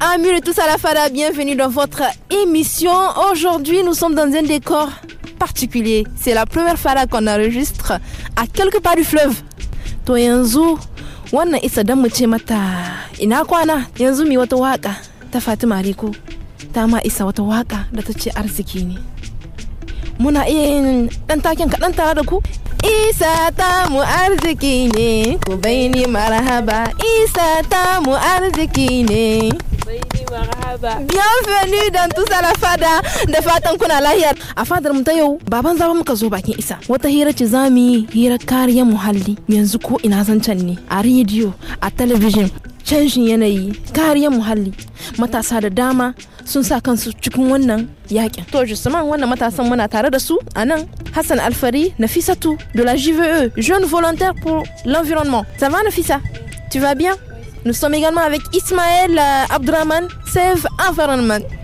Amul et tous à la Fada, bienvenue dans votre émission. Aujourd'hui, nous sommes dans un décor particulier. C'est la première Fada qu'on enregistre à quelque part du fleuve. Toi yanzu, wana isa dan mu ce mata ina kwana yanzu mi wata waka ta Fatima Riko ta ma isa wata waka da ta ce arziki ne. Muna iya yin dan taken kaɗan tare da ku isa ta mu arziki ne ku bai ni marhaba isa ta mu arziki ne Bienvenue dans tous à la fada da fatan kuna lahiyar A fadar mu ta yau baban zaba muka zo bakin isa. Wata hira ce za mu yi hirar kariyar muhalli yanzu ko ina zancen ne a rediyo a talabijin canjin yanayi kariyar muhalli matasa da dama sun sa kansu cikin wannan yakin. To justement wannan matasan muna tare da su a nan Hassan Alfari Nafisatu de la JVE Jeune Volontaire pour l'Environnement. Ça va Nafisa? Tu vas bien? Nous sommes également avec Ismaël euh, Abdraman, Save Environment.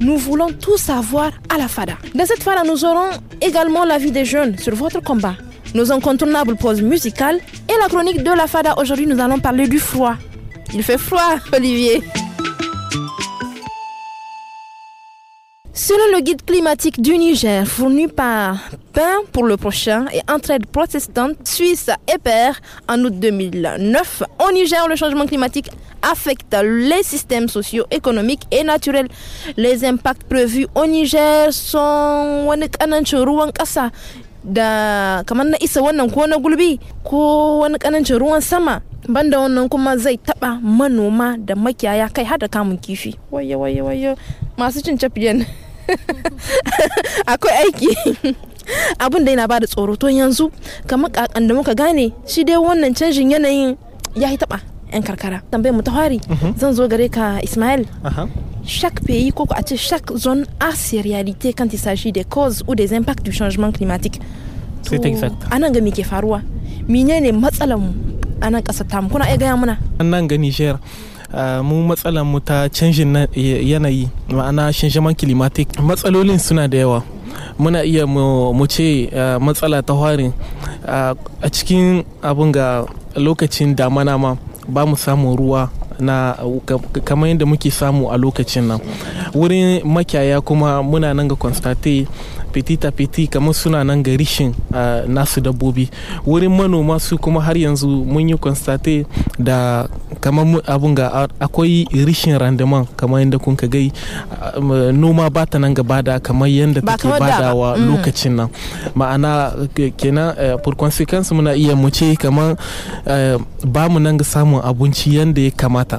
Nous voulons tout savoir à la FADA. Dans cette FADA, nous aurons également l'avis des jeunes sur votre combat, nos incontournables pauses musicales et la chronique de la FADA. Aujourd'hui, nous allons parler du froid. Il fait froid, Olivier. Le guide climatique du Niger fourni par Pain pour le prochain et Entraide protestante Suisse et Père en août 2009. Au Niger, le changement climatique affecte les systèmes sociaux, économiques et naturels. Les impacts prévus au Niger sont akwai aiki abin da yana ba da tsoro to yanzu kamar kakan da muka gane shi dai wannan canjin yanayin ya yi taba yan karkara tambayar mu ta hari mhm. zan zo gare ka ismail shak peyi ko a ce shak zon a ses réalités kan tisashi da cause u ou des impact du changement climatique a nan ga mi ke faruwa ne matsalar mu a nan kasa tamu kuna iya gaya mana nan ga shayar Eh, mu matsalar mu ta canjin yanayi ma'ana changement kilimatik matsalolin suna da yawa muna iya mu ce eh, matsala ta hari eh, a cikin abin ga lokacin damana ma ba mu samu ruwa na kamar yadda muke samu a lokacin nan wurin makiyaya kuma muna nan ga constate fitita fiti kamar suna nan ga a nasu dabbobi wurin manoma su kuma har yanzu mun yi constate da kamar abun ga akwai rishin randaman kamar yadda kun ka gai noma ba ta nan gaba da kamar yadda take badawa mm. lokacin nan ma'ana kenan for consequence muna iya mu ce kamar ba mu nan ga samun abinci yadda ya kamata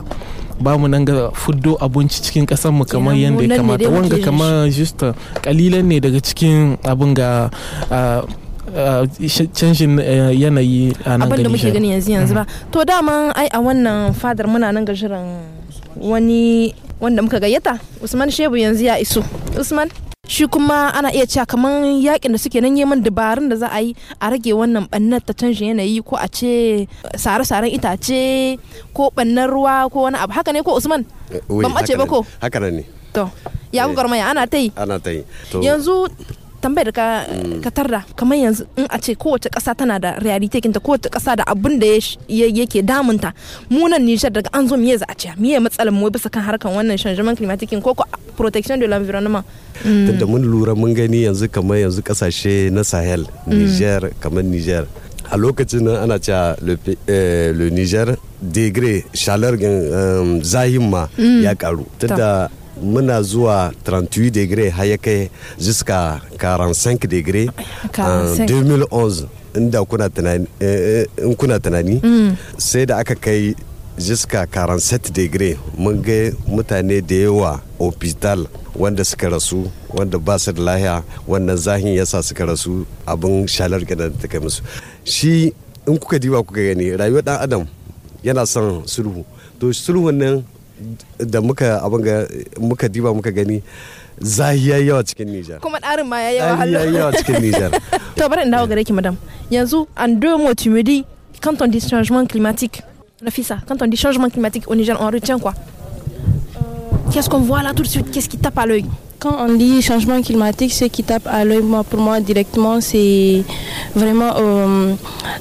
ba mu nan ga fuddo abinci cikin kasar mu kamar yadda ya kamata wanga kamar justa kalilan uh, ne daga cikin abin ga uh, uh, canjin yanayi a nan abin da muke gani yanzu yanzu ba mm-hmm. to dama ai a wannan fadar muna nan ga shirin wani wanda muka gayyata usman shebu yanzu ya iso usman shi kuma ana iya cewa kamar yakin da suke nan neman dabarun da za a yi a rage wannan bannar ta canjin yanayi ko a ce sare-saren itace ko bannar ruwa ko wani abu haka ne ko usman eh, ban mace ba ko haka ne to ya gwarmaya ana ta yi ana ta yi yanzu tambayar ka ka tarra kamar yanzu in a ce kowace ƙasa tana da reality kinta kowace ƙasa da abun da yake damunta munan nijar daga an zo miye za a ce miye matsalar mu bisa kan harkan wannan changement climatic ko ko protection de l'environnement mm. tunda mun lura mun gani yanzu kamar yanzu kasashe na Sahel mm. Niger kamar Niger a lokacin nan ana cewa le eh, Niger degré chaleur eh, zahin mm. ya karu tunda muna zuwa 38 degree har ya kai jiska 45 degree en 2011 inda kuna tunani eh, eh, kuna mm. sai da aka kai jiska 47 degree mun ga mutane da yawa hospital wanda suka rasu wanda ba su da lahiya wannan zahin yasa suka rasu abin shalar da ta kai musu shi in kuka diba kuka gani rayuwar dan adam yana son sulhu to sulhun nan da muka muka diba deux mots tu me dis quand on dit changement climatique. ça. quand on dit changement climatique au Niger, on retient quoi euh, Qu'est-ce qu'on voit là tout de suite Qu'est-ce qui tape à l'œil quand on dit changement climatique, ce qui tape à l'œil, pour moi, directement, c'est vraiment euh,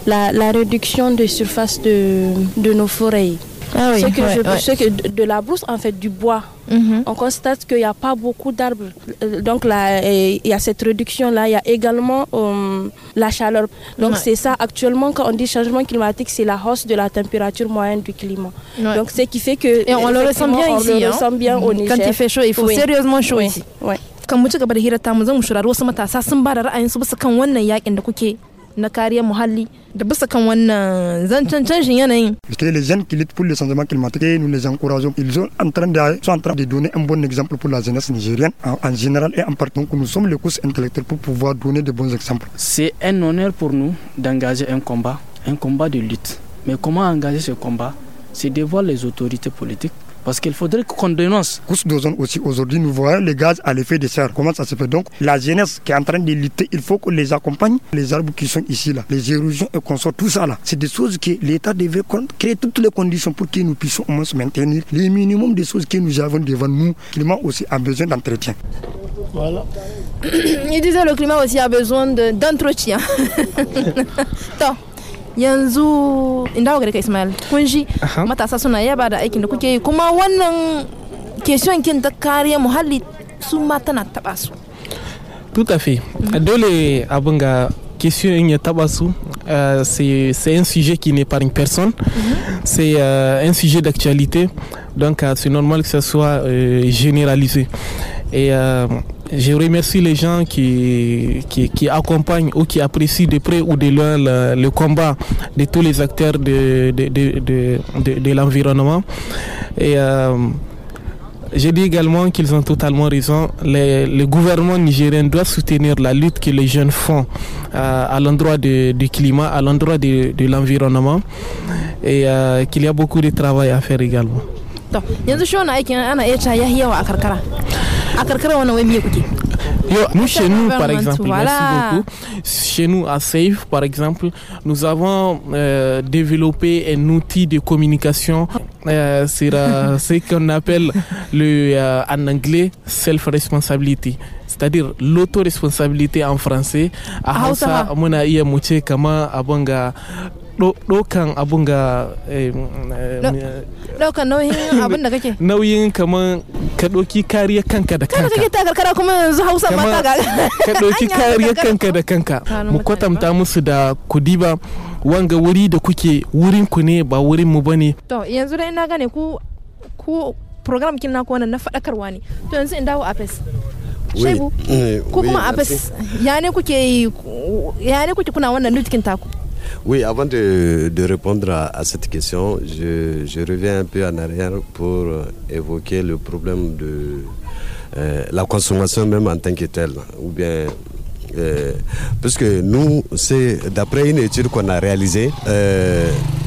la, la, réduction de surface de nos forêts. Ah ce que, je, que de, la brousse, en fait, du bois, mhm. on constate qu'il n'y a pas beaucoup d'arbres. Euh, donc là, il y a cette réduction-là. Il y a également euh, la chaleur. Donc c'est ça, actuellement, quand on dit changement climatique, c'est la hausse de la température moyenne du climat. Donc ce qui fait que... on le ressent bien ici. On le hein. ressent bien au Niger. Quand il fait chaud, il faut sérieusement chaud ici. kan na kariyar les jeunes qui luttent pour le changement climatique, nous les encourageons. Ils sont en train de, de donner un bon exemple pour la jeunesse nigérienne en, général et en partant que nous sommes les courses intellectuels pour pouvoir donner de bons exemples. C'est un honneur pour nous d'engager un combat, un combat de lutte. Mais comment engager ce combat C'est de voir les autorités politiques parce qu'il faudrait qu'on dénonce. aussi aujourd'hui, nous voyons les gaz à l'effet de serre. Comment ça se fait donc La jeunesse qui est en train de lutter, il faut qu'on les accompagne. Les arbres qui sont ici, là, les érosions et qu'on sort tout ça là. C'est des choses que l'État devait créer toutes les conditions pour que nous puissions au moins se maintenir les minimum des choses que nous avons devant nous. Le climat aussi a besoin d'entretien. Voilà. il disait le climat aussi a besoin d'entretien. De, yanzu in dawo ga Ismail kun ji matasa suna yaba da aikin da kuke yi kuma wannan keshiyon kin ta kariya muhalli su ma tana taba su tout à fait mm-hmm. dole abin ga question ya taba su euh, c'est un sujet qui n'épargne personne mm-hmm. c'est euh, un sujet d'actualité donc euh, c'est normal que ça soit généralisé et je remercie les gens qui, qui, accompagnent ou qui apprécient de près ou de loin le, combat de tous les acteurs de, de, l'environnement. Et euh, je dis également qu'ils ont totalement raison. le gouvernement nigérien doit soutenir la lutte que les jeunes font euh, à l'endroit du climat, à l'endroit de, l'environnement, et euh, qu'il y a beaucoup de travail à faire également. Yo, nous, chez nous, par exemple, merci beaucoup. Chez nous, à Safe, par exemple, nous avons euh, développé un outil de communication. Euh, c'est ce qu'on appelle le, euh, en anglais self-responsibility. c'est-à-dire l'autoresponsabilité en français Ah, ça, ɗaukan abun ga ɗaukan nauyin abun da kake nauyin kamar ka ɗauki kariyar kanka da kanka kake ta karkara kuma yanzu hausa ta ga ka ɗauki kariyar kanka da kanka mu kwatanta musu da ba wanga wuri da kuke wurin ku ne ba wurin mu bane to yanzu da na gane ku ku program kin ku wannan na fadakarwa ne to yanzu in dawo a fes shebu ko kuma a fes ya ne kuke ya ne kuke kuna wannan nutkin taku Oui, avant de, répondre à, cette question, je, reviens un peu en arrière pour euh, évoquer le problème de euh, la consommation même en tant que telle, ou bien euh, parce que nous, c'est d'après une étude qu'on a réalisée,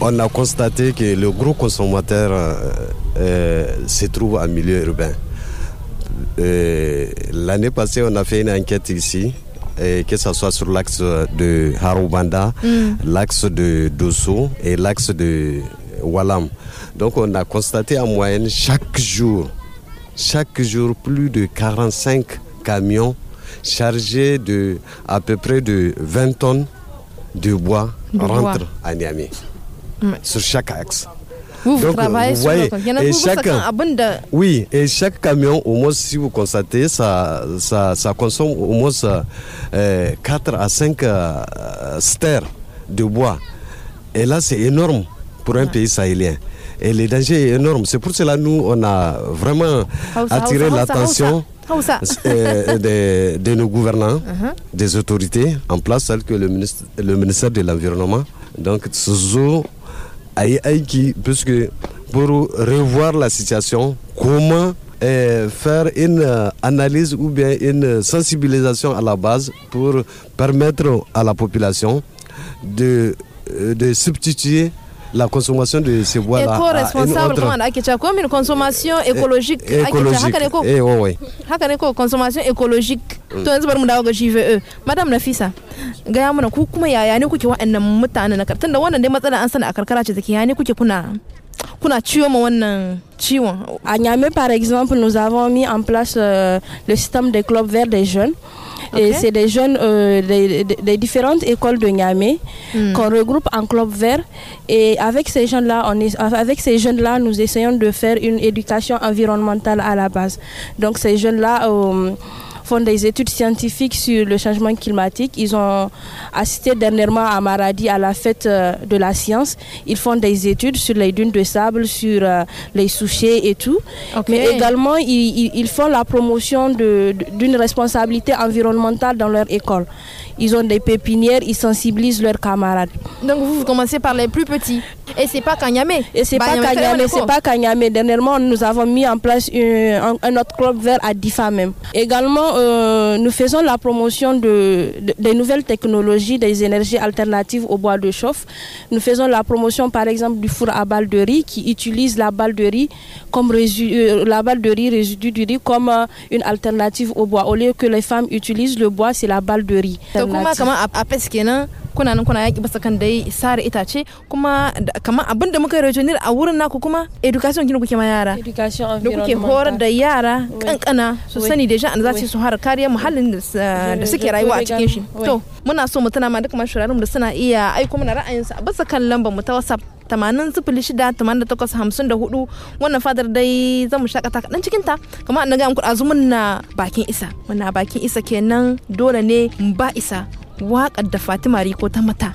on a constaté que le gros consommateur se trouve en milieu urbain. L'année passée, on a fait une enquête ici et que ce soit sur l'axe de Harubanda, mm. l'axe de Dosso et l'axe de Walam. Donc on a constaté en moyenne chaque jour, chaque jour plus de 45 camions chargés de à peu près de 20 tonnes de bois rentrent à Niamey mm. sur chaque axe. Vous, travaillez sur le... Oui, et chaque camion, au moins, si vous constatez, ça, ça, consomme au moins 4 euh, à 5 euh, stères de bois. Et là, c'est énorme pour un pays sahélien. Et le danger est énorme. C'est pour cela que nous, on a vraiment attiré l'attention. Euh, de, nos gouvernants, uh-huh. des autorités en place, celles que le, ministre, le ministère de l'Environnement. Donc, ce zoo Aïki, puisque pour revoir la situation, comment eh, faire une euh, analyse ou bien une sensibilisation à la base pour permettre à la population de, euh, de substituer la consommation de ces bois-là. Éco-responsable, autre... ake tu ko min consommation écologique écologique haka ne ko eh oh, ouais. haka ne ko consommation écologique to yanzu bari mu dawo ga GVE madam Nafisa gaya mana ku kuma yaya ne kuke wa'annan mutanen na tunda wannan dai matsala an sana a karkara ce take yaya ne kuke kuna kuna ciwo ma wannan ciwon a Niamey par exemple nous avons mis en place euh, le système des clubs verts des jeunes et c'est des jeunes des, euh, différentes écoles de Niamey hmm. qu'on regroupe en club vert. Et avec ces jeunes-là, on est, avec ces jeunes-là, nous essayons de faire une éducation environnementale à la base. Donc ces jeunes-là. Euh, font des études scientifiques sur le changement climatique. Ils ont assisté dernièrement à Maradi à la fête euh, de la science. Ils font des études sur les dunes de sable, sur euh, les souchets et tout. Mais également, ils, font la promotion d'une responsabilité environnementale dans leur école ils ont des pépinières, ils sensibilisent leurs camarades. Donc vous, commencez par les plus petits. Et c'est pas Kanyamé. Et c'est bah, pas Kanyamé, Dernièrement, nous avons mis en place un, autre club vert à Difa même. Également, euh, nous faisons la promotion de, des nouvelles technologies, des énergies alternatives au bois de chauffe. Nous faisons la promotion, par exemple, du four à balles de riz qui utilise la balle de riz comme résidu, euh, la balle de riz, résidu du riz, comme euh, une alternative au bois. Au lieu que les femmes utilisent le bois, c'est la balle de riz. da kuma kamar a fes kenan kuna nan kuna yaki basa kan dai sare itace kuma kamar abin da muka rawaito ne a wurin naku kuma education kin kuke ma yara da kuke horar da yara kankana su sani da an zace su har kariyar muhallin da suke rayuwa a cikin shi to muna so mu tana ma duk mashurarin da suna iya aiko mana ra'ayinsu a basa kan lambar mu ta WhatsApp tamanin sifili shida tamanin da takwas hamsin da hudu wannan fadar dai zan mu shakata kaɗan cikin ta kamar an daga amkuɗa zumun na bakin isa muna bakin isa kenan dole ne ba isa waƙar da fatima riko ta mata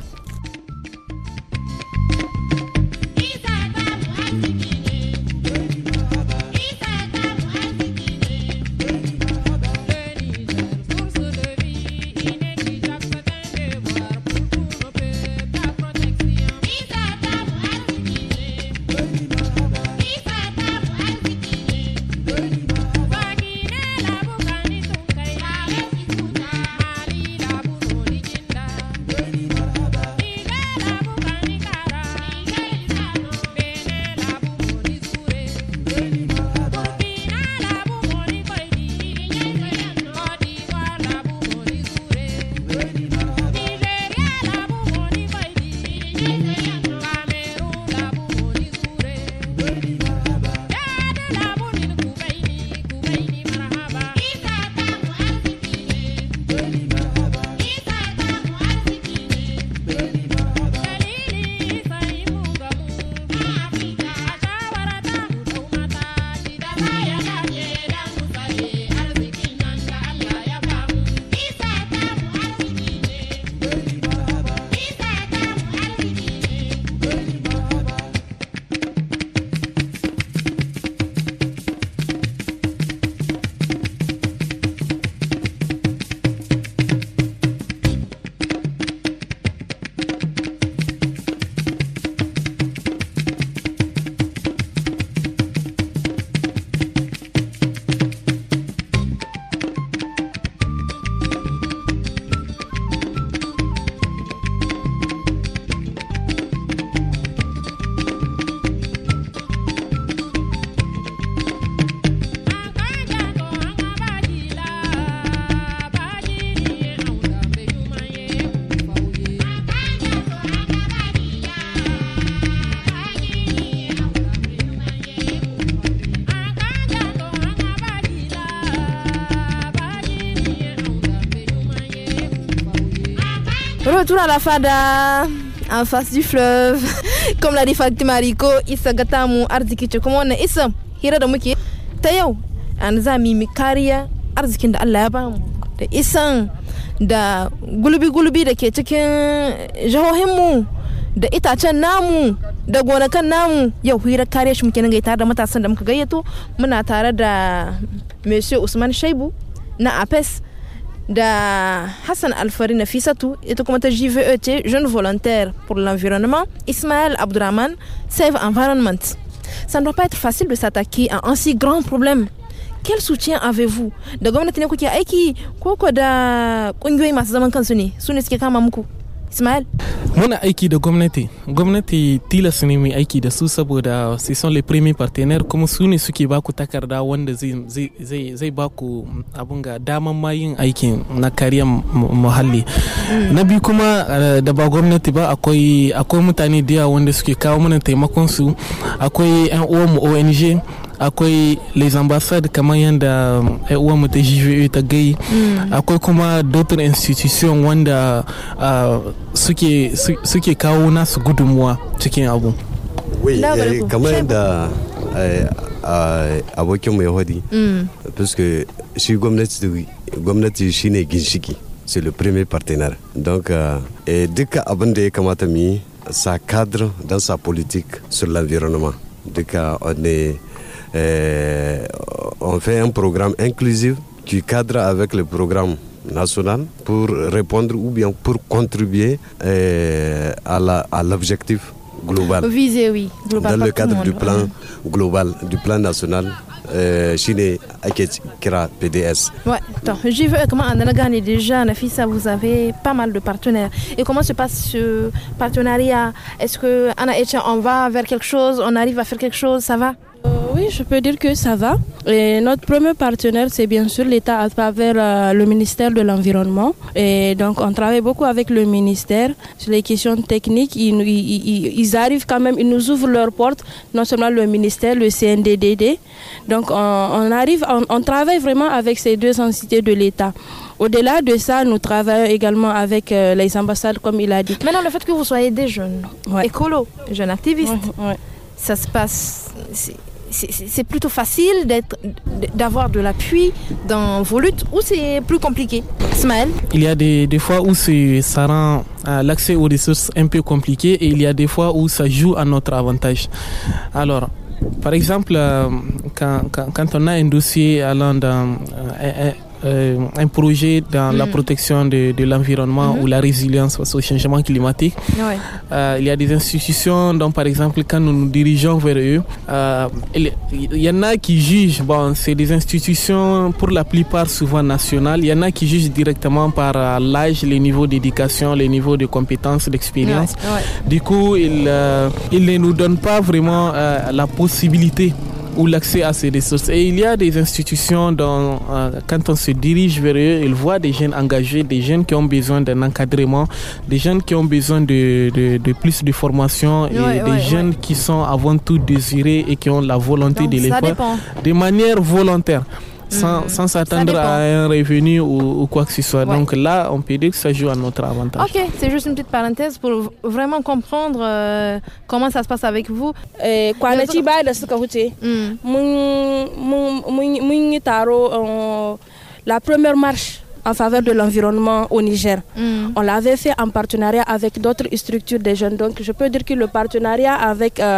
retourne à la fada, en face du fleuve. Comme l'a dit Fakti Mariko Issa Gatamu, Arzikicho, comment on est Issa, hira da Tayo Ta yau, an za arzikin da Allah ya bamu. Da isan da gulbi-gulbi da ke cikin jihohinmu da itacen namu da gonakan namu yau hira kare shi muke nan tare da matasan da muka gayyato muna tare da Monsieur Usman Shaibu na APES de Hassan Alfari et et comme JVET, jeune volontaire pour l'environnement, Ismaël Abdurrahman, Save Environment. Ça ne doit pas être facile de s'attaquer à un si grand problème. Quel soutien avez-vous Ismail. Muna aiki da gwamnati. Gwamnati tilas ne mai aiki da su saboda su son le premier partenaire kuma su ne suke baku takarda wanda zai baku abun ga daman ma yin aikin na kariyar muhalli. Na biyu kuma eh, da ba gwamnati ba akwai mutane da yawa wanda suke kawo mana taimakon su akwai 'yan uwanmu ONG akwai les ambassades kamar yadda eh, uwanmu ta jive ta gai mm. akwai kuma d'autres institution wanda suke, ah, suke kawo nasu gudunmuwa cikin abu kamar yadda abokinmu yahudi puisque shi gwamnati shine ginshiki c'est le premier partenaire donc eh, duka abin da ya kamata mu yi sa cadre dans sa politique sur l'environnement duka on est euh, on fait un programme inclusif qui cadre avec le programme national pour répondre ou bien pour contribuer euh, à l'objectif global. Visé, oui, Dans le cadre du plan global, du plan national euh, Chine ake kira PDS. Ouais, attends, j'y veux. comment déjà, ça vous avez pas mal de partenaires. Et comment se passe ce partenariat Est-ce que on va vers quelque chose, on arrive à faire quelque chose, ça va euh, oui, je peux dire que ça va. notre premier partenaire, c'est bien sûr l'État à travers euh, le ministère de l'Environnement. Et donc, on travaille beaucoup avec le ministère sur les questions techniques. Ils, ils, arrivent quand même, ils nous ouvrent leurs portes, non seulement le ministère, le CNDDD. Donc, on, arrive, on, travaille vraiment avec ces deux entités de l'État. Au-delà de ça, nous travaillons également avec euh, les ambassades, comme il a dit. Maintenant, le fait que vous soyez des jeunes, écolo écolos, jeunes activistes, ça se passe c'est plutôt facile d'avoir de l'appui dans vos luttes ou c'est plus compliqué Smaël Il y a des, fois où ça rend euh, l'accès aux ressources un peu compliqué et il y a des fois où ça joue à notre avantage. Alors, par exemple, euh, quand, on a un dossier allant dans... Euh, euh, un projet dans la mm. protection de, l'environnement mm-hmm. ou la résilience face au changement climatique. Euh, il y a des institutions dont, par exemple, quand nous nous dirigeons vers eux, euh, il y en a qui jugent, bon, c'est des institutions pour la plupart souvent nationales, il y en a qui jugent directement par l'âge, les niveaux d'éducation, les niveaux de compétences, d'expérience. Du coup, ils il ne nous donnent pas vraiment la possibilité ou l'accès à ces ressources. Et il y a des institutions dont, euh, quand on se dirige vers eux, ils voient des jeunes engagés, des jeunes qui ont besoin d'un encadrement, des jeunes qui ont besoin de, de, plus de formation et des jeunes qui sont avant tout désirés et qui ont la volonté de les de manière volontaire sans s'attendre à un revenu ou, quoi que ce soit. Donc là, on peut dire que ça joue à notre avantage. Ok, c'est juste une petite parenthèse pour vraiment comprendre comment ça se passe avec vous. ce on la première marche en faveur de l'environnement au Niger. Mm. On l'avait fait en partenariat avec d'autres structures des jeunes. Donc je peux dire que le partenariat avec euh,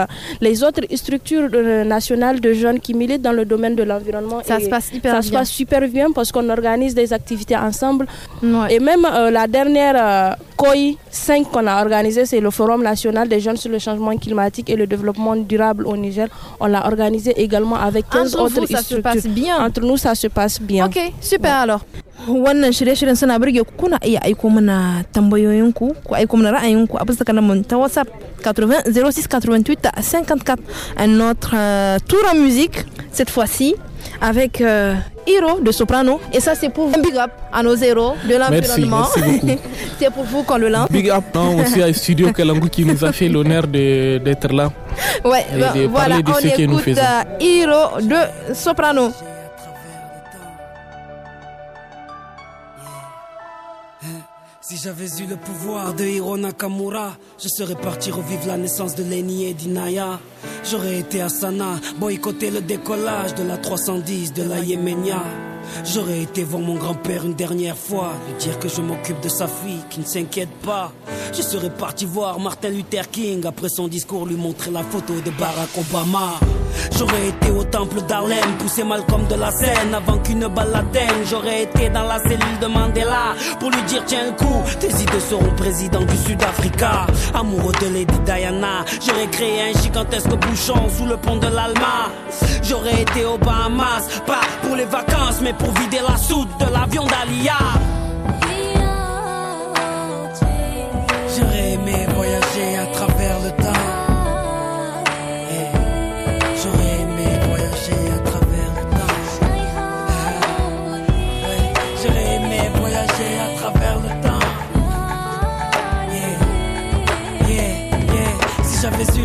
les autres structures euh, nationales de jeunes qui militent dans le domaine de l'environnement, ça, se passe, hyper ça super bien parce qu'on organise des activités ensemble. Et même euh, la dernière COI 5 qu'on a organisée, c'est le Forum national des jeunes sur le changement climatique et le développement durable au Niger. On l'a organisé également avec 15 ah, entre autres vous, ça Se passe bien. Entre nous, ça se passe bien. Ok, super alors wannan shirye-shiryen suna birge ku kuna iya aiko mana tambayoyinku ku aiko mana ra'ayinku a bisa kalamun ta whatsapp 80 06 88 54 un autre euh, tour en musique cette fois-ci avec euh, Hiro de Soprano. Et ça, c'est pour vous. Big up à nos héros de l'environnement. merci, c'est pour vous qu'on le lance. Big up non, hein, aussi à Studio Kalangu qui nous a fait l'honneur de, d'être là. Ouais, et bah, de voilà, de on ce que nous faisons. Euh, Hiro de Soprano. Si j'avais eu le pouvoir de Hiro Nakamura, je serais parti revivre la naissance de Lenny et d'Inaya. J'aurais été à Sana, boycotter le décollage de la 310 de la Yémenia. J'aurais été voir mon grand-père une dernière fois, lui dire que je m'occupe de sa fille, qui ne s'inquiète pas. Je serais parti voir Martin Luther King, après son discours, lui montrer la photo de Barack Obama. J'aurais été au temple d'Harlem, poussé Malcolm de la Seine avant qu'une balle l'atteigne. J'aurais été dans la cellule de Mandela pour lui dire tiens le coup, tes idées seront président du Sud-Africa. Amoureux de Lady Diana, j'aurais créé un gigantesque bouchon sous le pont de l'Alma. J'aurais été aux Bahamas, pas pour les vacances, mais pour vider la soute de l'avion d'Aliyah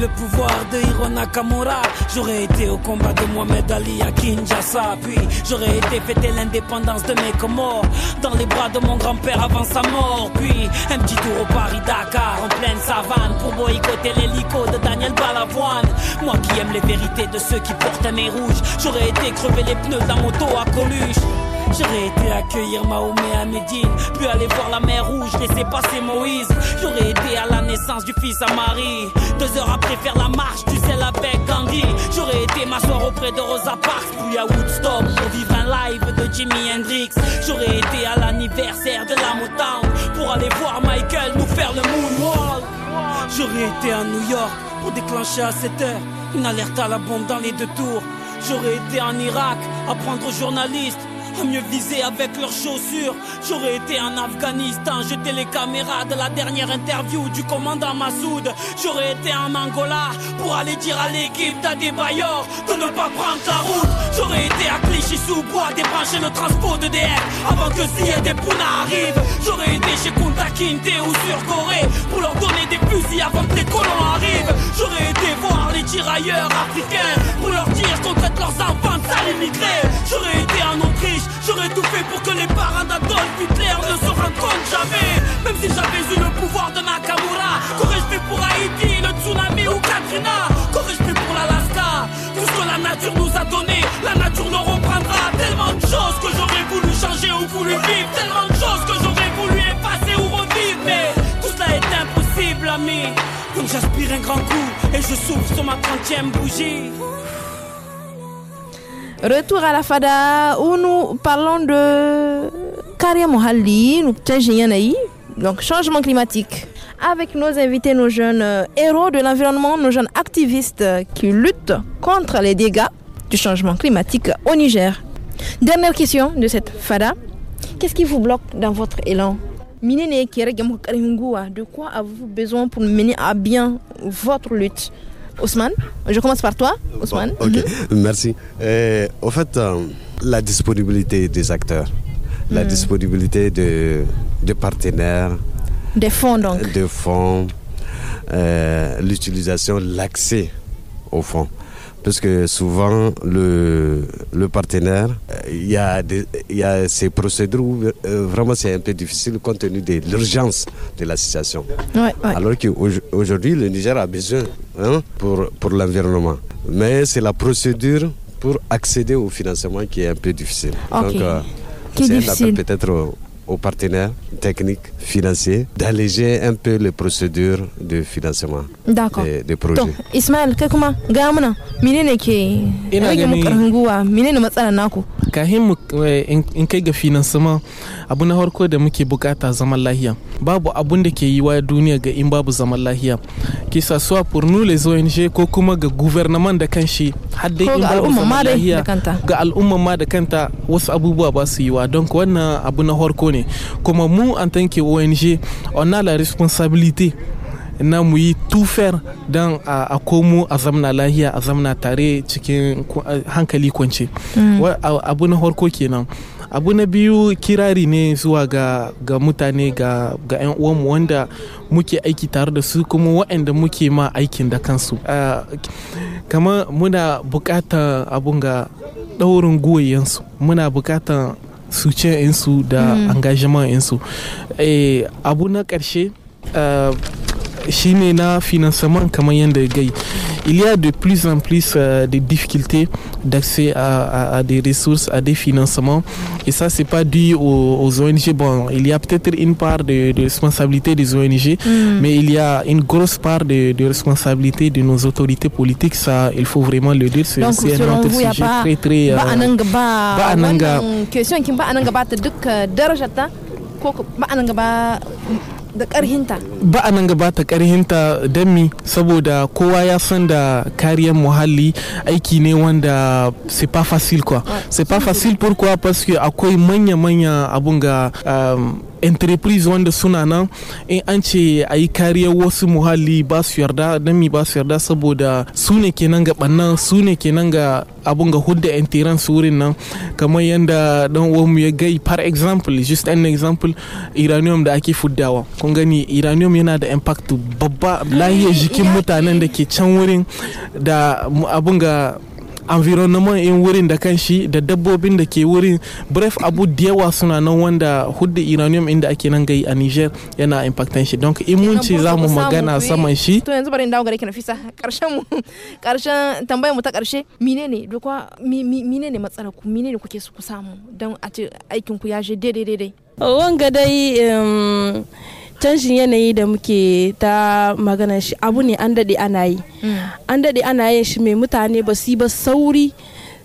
le pouvoir de Hirona Nakamura. J'aurais été au combat de Mohamed Ali à Kinshasa. Puis j'aurais été fêter l'indépendance de mes Comores. Dans les bras de mon grand-père avant sa mort. Puis un petit tour au Paris-Dakar en pleine savane pour boycotter l'hélico de Daniel Balavoine. Moi qui aime les vérités de ceux qui portent mes rouges J'aurais été crever les pneus d'un moto à Coluche. J'aurais été accueillir Mahomet à Médine, puis aller voir la mer rouge, laisser passer Moïse. J'aurais été à la naissance du fils à Marie. Deux heures après faire la marche du sel avec Gandhi. J'aurais été m'asseoir auprès de Rosa Parks, puis à Woodstock pour vivre un live de Jimi Hendrix. J'aurais été à l'anniversaire de la Motown pour aller voir Michael nous faire le moonwalk. J'aurais été à New York pour déclencher à 7 heures une alerte à la bombe dans les deux tours. J'aurais été en Irak apprendre aux journalistes a mieux viser avec leurs chaussures. J'aurais été en Afghanistan, Jeter les caméras de la dernière interview du commandant Massoud. J'aurais été en Angola pour aller dire à l'équipe d'Adebayor de ne pas prendre la route. J'aurais été à Clichy-sous-Bois débrancher le transport de DR avant que si des pouna arrivent. J'aurais été chez Kunta Kinte ou sur Corée pour leur donner des fusils avant que les colons arrivent. J'aurais été voir les tirailleurs africains pour leur dire qu'on traite leurs enfants de sales migrés J'aurais été en Autriche J'aurais tout fait pour que les parents d'Adolf Hitler ne se rendent jamais Même si j'avais eu le pouvoir de Nakamura Qu'aurais-je fait pour Haïti, le tsunami ou Katrina Qu'aurais-je fait pour l'Alaska Tout ce que la nature nous a donné, la nature nous reprendra Tellement de choses que j'aurais voulu changer ou voulu vivre Tellement de choses que j'aurais voulu effacer ou revivre Mais tout cela est impossible ami Donc j'aspire un grand coup et je souffle sur ma trentième bougie Retour à la fada où nous parlons de Karia Mohali, nous donc changement climatique. Avec nos invités, nos jeunes euh, héros de l'environnement, nos jeunes activistes qui luttent contre les dégâts du changement climatique au Niger. Dernière question de cette fada. Qu'est-ce qui vous bloque dans votre élan de quoi avez-vous besoin pour mener à bien votre lutte Ousmane, je commence par toi, Ousmane. Mhm. merci. Euh, au fait, euh, la disponibilité des acteurs, la mhm. disponibilité de, de, partenaires. Des fonds, donc. Des fonds, euh, l'utilisation, l'accès aux fonds parce que souvent le, le partenaire, il y, a ces procédures où euh, vraiment c'est un peu difficile compte tenu de l'urgence de la situation. Alors qu'aujourd'hui, le Niger a besoin hein, pour, pour l'environnement. Mais c'est la procédure pour accéder au financement qui est un peu difficile. Donc, euh, peut-être aux partenaires techniques, financiers, d'alléger un peu les procédures de financement des, projets. Ismaël, quest Gamana, que qui suis financement, abuna na Je da muke bukata zaman lahiya. Babu abun da ke yi wa duniya ga in lahiya. Kisa pour nous les ONG ko kuma ga gouvernement de kanshi har dai in ga al'umma ma da kanta wasu abubuwa ba su yi wa don wannan abu na harko ne kuma mu an tanke ONG on la responsabilité na mu yi tufer don a komo a zamna lahiya a zamna tare cikin hankali kwance mm. abu na harko kenan abu na biyu kirari ne zuwa ga, ga mutane ga, ga 'yan uwanmu wanda muke aiki tare da su kuma waɗanda muke ma aikin da kansu uh, ah, kama muna buƙatar abun ga ɗaurin goyensu muna buƙatar ce insu da mm. engagement insu e, eh, abu na ƙarshe uh, shine na finansaman kamar yadda gai il y a de plus en plus euh, de difficultés d'accès à, des ressources, à des financements. Et ça, ce n'est pas dû aux, ONG. Bon, il y a peut-être une part de, responsabilité des ONG, mm. mais il y a une grosse part de, responsabilité de nos autorités politiques. Ça, il faut vraiment le dire. C'est un autre sujet très, très. da karhinta ba a nan gaba ta karhinta don mi saboda kowa ya san da kariyar muhalli aiki ne wanda c'est pas facile quoi c'est akwai manya-manya abun ga um, entreprise wanda suna nan in an ce a yi kariyar wasu muhalli ba su yarda don mi ba su yarda saboda su ne kenan ga bannan su ne kenan ga abun ga hudda yan tiran su wurin nan kamar yadda dan uwanmu ya gai par example just an example uranium da ake fuddawa kun gani uranium yana da impact babba lahiyar jikin mutanen da ke can wurin da abun ga environnement in wurin da kanshi da dabbobin da ke wurin bref abu da yawa suna nan wanda hudda uranium inda ake nan gai a niger yana impactan shi donc in mun za mu magana eh. saman shi to yanzu bari dawo gare ki nafisa karshen mu karshen tambayar mu ta karshe menene dokwa menene matsalar ku menene kuke su ku samu don a ce aikin ku ya je daidai daidai wanga dai canjin yanayi da muke ta magana shi abu ne an daɗe ana yi hmm. an dade ana yin shi mai mutane ba su ba sauri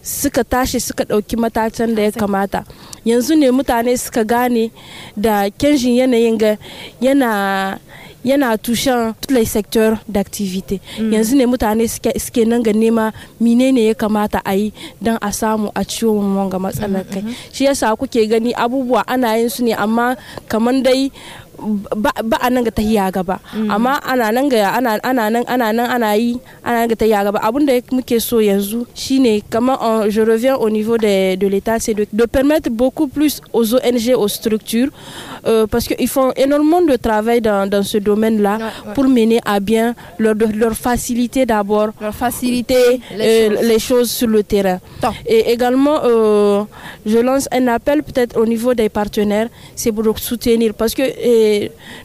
suka tashi suka ɗauki matacin da ya kamata yanzu ne mutane suka gane da canjin yanayin ga yana yana tushen les sector d'activité hmm. yanzu ne mutane suke nan ga nema menene ya kamata a yi don a samu a ciwon wanga matsalar hmm, kai shi yasa kuke gani abubuwa ana yin su ne amma kamar dai je reviens au niveau de de l'état c'est de, permettre beaucoup plus aux ONG aux structures euh, parce qu'ils font énormément de travail dans, dans ce domaine-là pour mener à bien leur, leur facilité d'abord, leur faciliter euh, les, choses. sur le terrain. Et également, euh, je lance un appel peut-être au niveau des partenaires, c'est pour soutenir parce que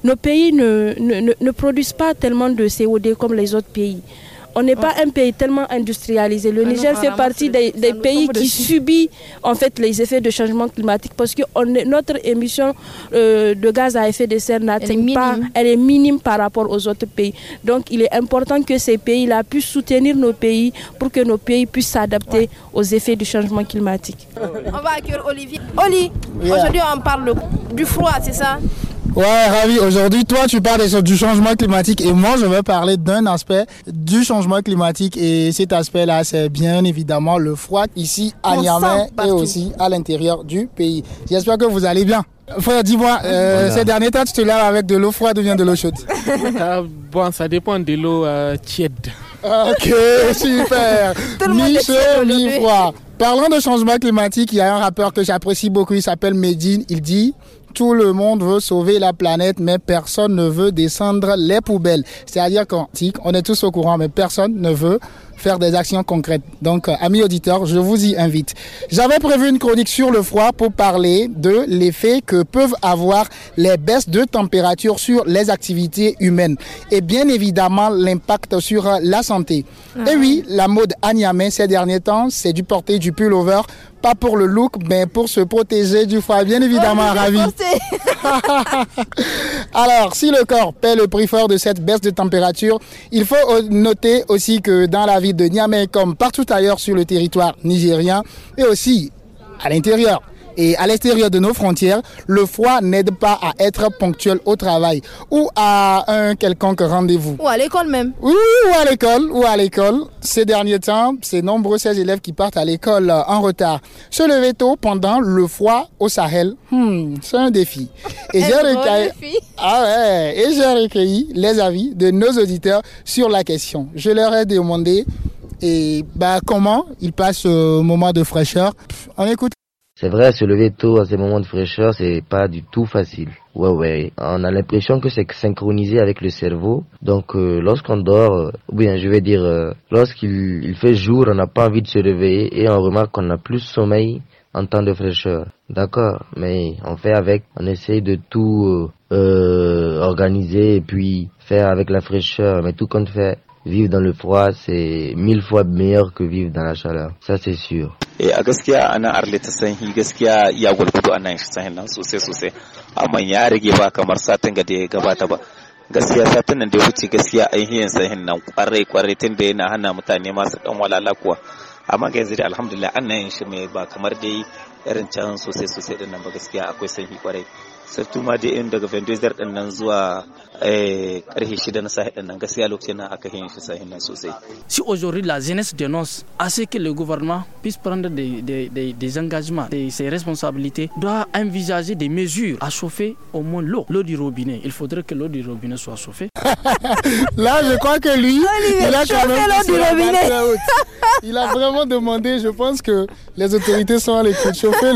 nos pays ne, produisent pas tellement de CO2 comme les autres pays. On n'est pas un pays tellement industrialisé. Le Niger fait partie des, pays qui subit en fait les effets de changement climatique parce que notre émission euh, de gaz à effet de serre n'atteint pas, elle est minime par rapport aux autres pays. Donc il est important que ces pays-là puissent soutenir nos pays pour que nos pays puissent s'adapter aux effets du changement climatique. On va accueillir Olivier. Oli, aujourd'hui on parle du froid, c'est ça Ouais, ravi. Aujourd'hui, toi, tu parles du changement climatique et moi, je veux parler d'un aspect du changement climatique et cet aspect-là, c'est bien évidemment le froid ici à Niamey et aussi à l'intérieur du pays. J'espère que vous allez bien. Frère, dis-moi, euh, ces derniers temps, tu te laves avec de l'eau froide ou bien de l'eau chaude ah, Bon, ça dépend de l'eau euh, tiède. Ok, super. mi chaud, mi froid. Parlant de changement climatique, il y a un rappeur que j'apprécie beaucoup, il s'appelle Medine. Il dit tout le monde veut sauver la planète, mais personne ne veut descendre les poubelles. C'est-à-dire qu'on on est tous au courant, mais personne ne veut faire des actions concrètes. Donc, euh, amis auditeurs, je vous y invite. J'avais prévu une chronique sur le froid pour parler de l'effet que peuvent avoir les baisses de température sur les activités humaines et bien évidemment l'impact sur la santé. Ah et oui, la mode à ces derniers temps, c'est du porter du pullover pas pour le look, mais pour se protéger du froid, bien évidemment, ravi. Alors, si le corps paie le prix fort de cette baisse de température, il faut noter aussi que dans la ville de Niamey, comme partout ailleurs sur le territoire nigérien, et aussi à l'intérieur et à l'extérieur de nos frontières, le foie n'aide pas à être ponctuel au travail ou à un quelconque rendez-vous. Ou à l'école même. ou à l'école, ou à l'école. Ces derniers temps, c'est nombreux ces élèves qui partent à l'école euh, en retard. Se lever tôt pendant le foie au Sahel, hmm, c'est un défi. Et j'ai recueilli... Ah et j'ai recueilli les avis de nos auditeurs sur la question. Je leur ai demandé et bah comment ils passent ce euh, moment de fraîcheur. On écoute. C'est vrai, se lever tôt à ces moments de fraîcheur, c'est pas du tout facile. Ouais, ouais. On a l'impression que c'est synchronisé avec le cerveau. Donc, euh, lorsqu'on dort, euh, ou bien je vais dire, euh, lorsqu'il il fait jour, on n'a pas envie de se réveiller et on remarque qu'on a plus sommeil en temps de fraîcheur. D'accord, mais on fait avec, on essaye de tout organiser et puis faire avec la fraîcheur, mais tout compte fait, vivre dans le froid, c'est mille fois meilleur que vivre dans la chaleur. Ça, c'est sûr. eh a gaskiya arlette nan arle ta sanyi gaskiya ya gwalgwado a nan sanyin nan sosai sosai amma ya rage ba kamar satin ga da ya gabata ba gaskiya satan nan da wuce gaskiya ainihin sanyin nan kwarai kwarai tun da yana hana mutane masu dan walala kuwa amma ga yanzu da alhamdulillah an nan yin shi mai ba kamar dai irin can sosai sosai din nan ba gaskiya akwai sanyi kwarai ma daga si aujourd'hui la jeunesse dénonce à ce que le gouvernement puisse prendre des, des, des, engagements et ses responsabilités doit envisager des mesures à chauffer au moins l'eau l'eau du robinet il faudrait que l'eau du robinet soit chauffée là je crois que lui oh, il a quand l'eau du robinet il a vraiment demandé je pense que les autorités sont à l'écoute chauffer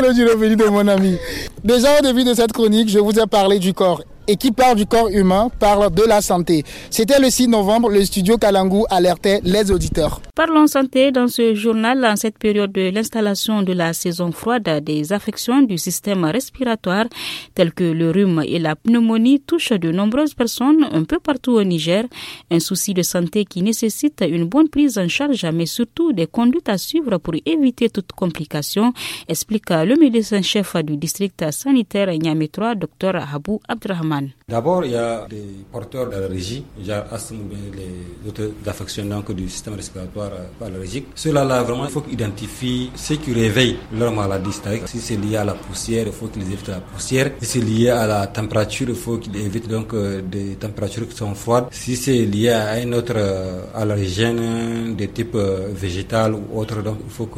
l'eau du robinet de mon ami Déjà au début de cette chronique, je vous ai parlé du corps et qui parle du corps humain parle de la santé. C'était le 6 novembre, le studio Kalangu alertait les auditeurs. Parlons santé dans ce journal en cette période de l'installation de la saison froide des affections du système respiratoire telles que le rhume et la pneumonie touchent de nombreuses personnes un peu partout au Niger, un souci de santé qui nécessite une bonne prise en charge mais surtout des conduites à suivre pour éviter toute complication, explique le médecin-chef du district sanitaire Niamey 3, Dr Abou Abdrahman. D'abord, il y a des porteurs d'allergie, les autres affections du système respiratoire euh, allergique. cela là vraiment, il faut qu'ils identifient ce qui réveille leur maladie. Si c'est lié à la poussière, il faut qu'ils évitent la poussière. Si c'est lié à la température, il faut qu'ils évitent donc euh, des températures qui sont froides. Si c'est lié à un autre euh, allergène de type végétal ou autre, donc il faut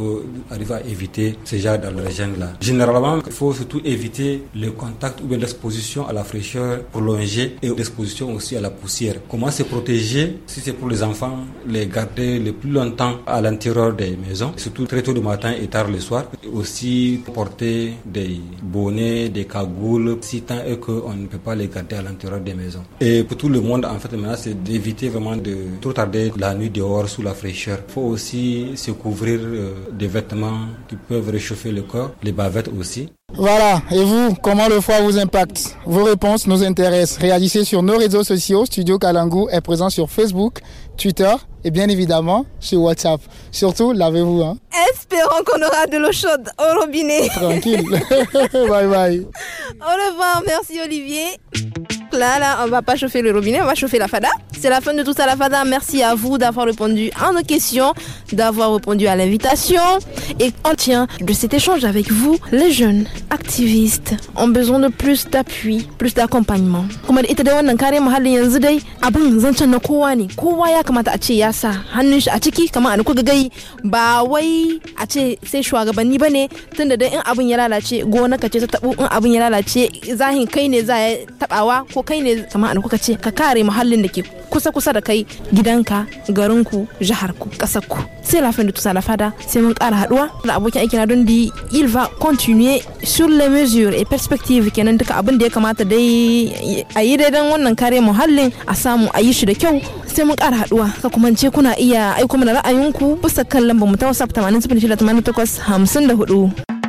arrivent à éviter ce genre d'allergène là Généralement, il faut surtout éviter le contact ou l'exposition à la fraîcheur euh, prolongée et l'exposition aussi à la poussière. Comment se protéger si c'est pour les enfants, les garder le plus longtemps à l'intérieur des maisons, surtout très tôt le matin et tard le soir. Et aussi porter des bonnets, des cagoules, si tant est qu'on ne peut pas les garder à l'intérieur des maisons. Et pour tout le monde, en fait, maintenant, c'est d'éviter vraiment de trop tarder la nuit dehors sous la fraîcheur. Il faut aussi se couvrir euh, des vêtements qui peuvent réchauffer le corps, les bavettes aussi. Voilà, et vous, comment le froid vous impacte Vos réponses nous intéressent. Réalisez sur nos réseaux sociaux. Studio Kalangu est présent sur Facebook, Twitter et bien évidemment sur WhatsApp. Surtout, lavez-vous. Hein. Espérons qu'on aura de l'eau chaude au robinet. Tranquille. bye bye. Au revoir, merci Olivier là, là, on va pas chauffer le robinet, on va chauffer la fada. C'est la fin de tout ça, la fada. Merci à vous d'avoir répondu à nos questions, d'avoir répondu à l'invitation. Et on tient de cet échange avec vous, les jeunes activistes ont besoin de plus d'appui, plus d'accompagnement. comme on wannan kare a ce ya hannun shi a ciki kamar a kuka gai ba wai a ce sai shugabanni bane tunda dai in abin ya lalace gona ka ce ta tabu in abin ya lalace zahin kai ne za ya tabawa kai ne kamar kuka ce ka kare muhallin da ke kusa-kusa da kai gidanka garinku jiharku ƙasarku sai lafiyar da tusa da fada sai mun ƙara haɗuwa da abokin aiki na don di il va continuer sur les mesures et perspectives kenan duka abin da ya kamata dai a yi daidan wannan kare muhallin a samu a yi shi da kyau sai mun ƙara haɗuwa ka kuma ce kuna iya aiko mana ra'ayinku bisa kan lambar mu ta whatsapp 80 88 54